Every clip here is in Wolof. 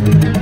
bi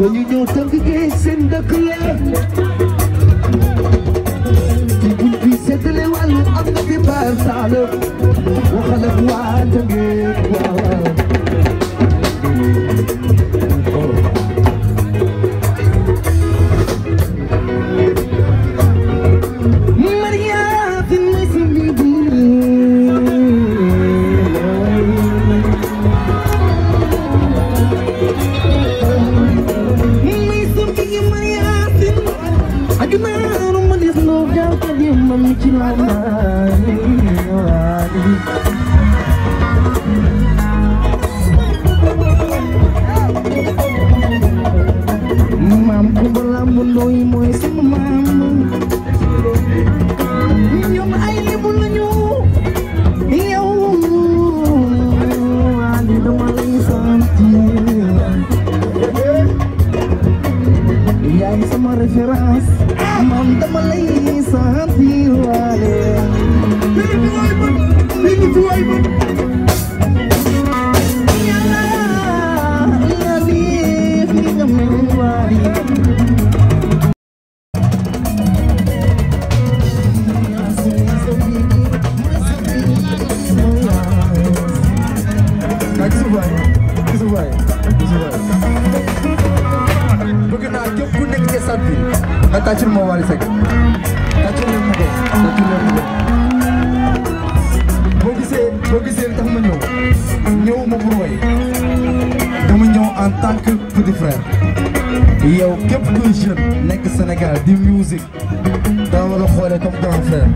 dañu ñëw tënk géej seen dëkk la ci buñ fi seddale wàllu am na fi baar saala waxal ak waa tëngeej looy mooy sama maam ñoom ay lebu lañu yow Ali dama lay sant yaay sama référence maam dama lay sant waale te tàccul ma Wally Seck tàccul leen ma ko tàccul leen ma ko boo gisee boo gisee li dama ñëw en tant que yow képp kuy jeune nekk Sénégal di musique dama la xoolee comme grand frère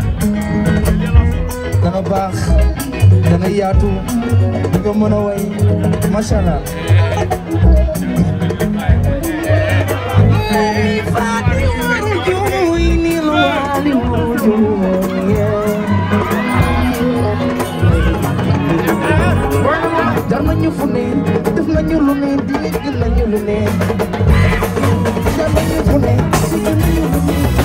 danga baax danga yaatu di nga neen def nañu lu neen di nañu lu neen